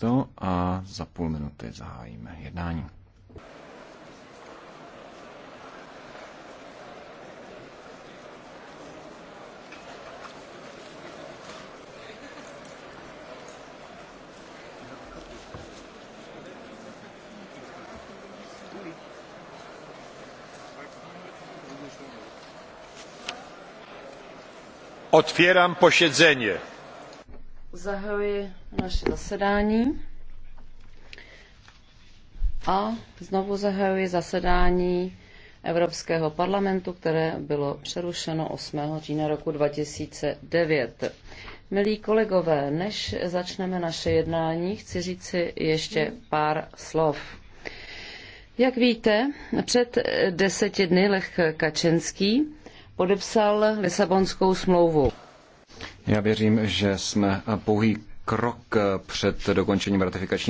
místo a za půl minuty zahájíme jednání. Otwieram posiedzenie. Zahajuji naše zasedání a znovu zahajuji zasedání Evropského parlamentu, které bylo přerušeno 8. října roku 2009. Milí kolegové, než začneme naše jednání, chci říci ještě pár slov. Jak víte, před deseti dny Lech Kačenský podepsal Lisabonskou smlouvu. Já věřím, že jsme pouhý krok před dokončením ratifikační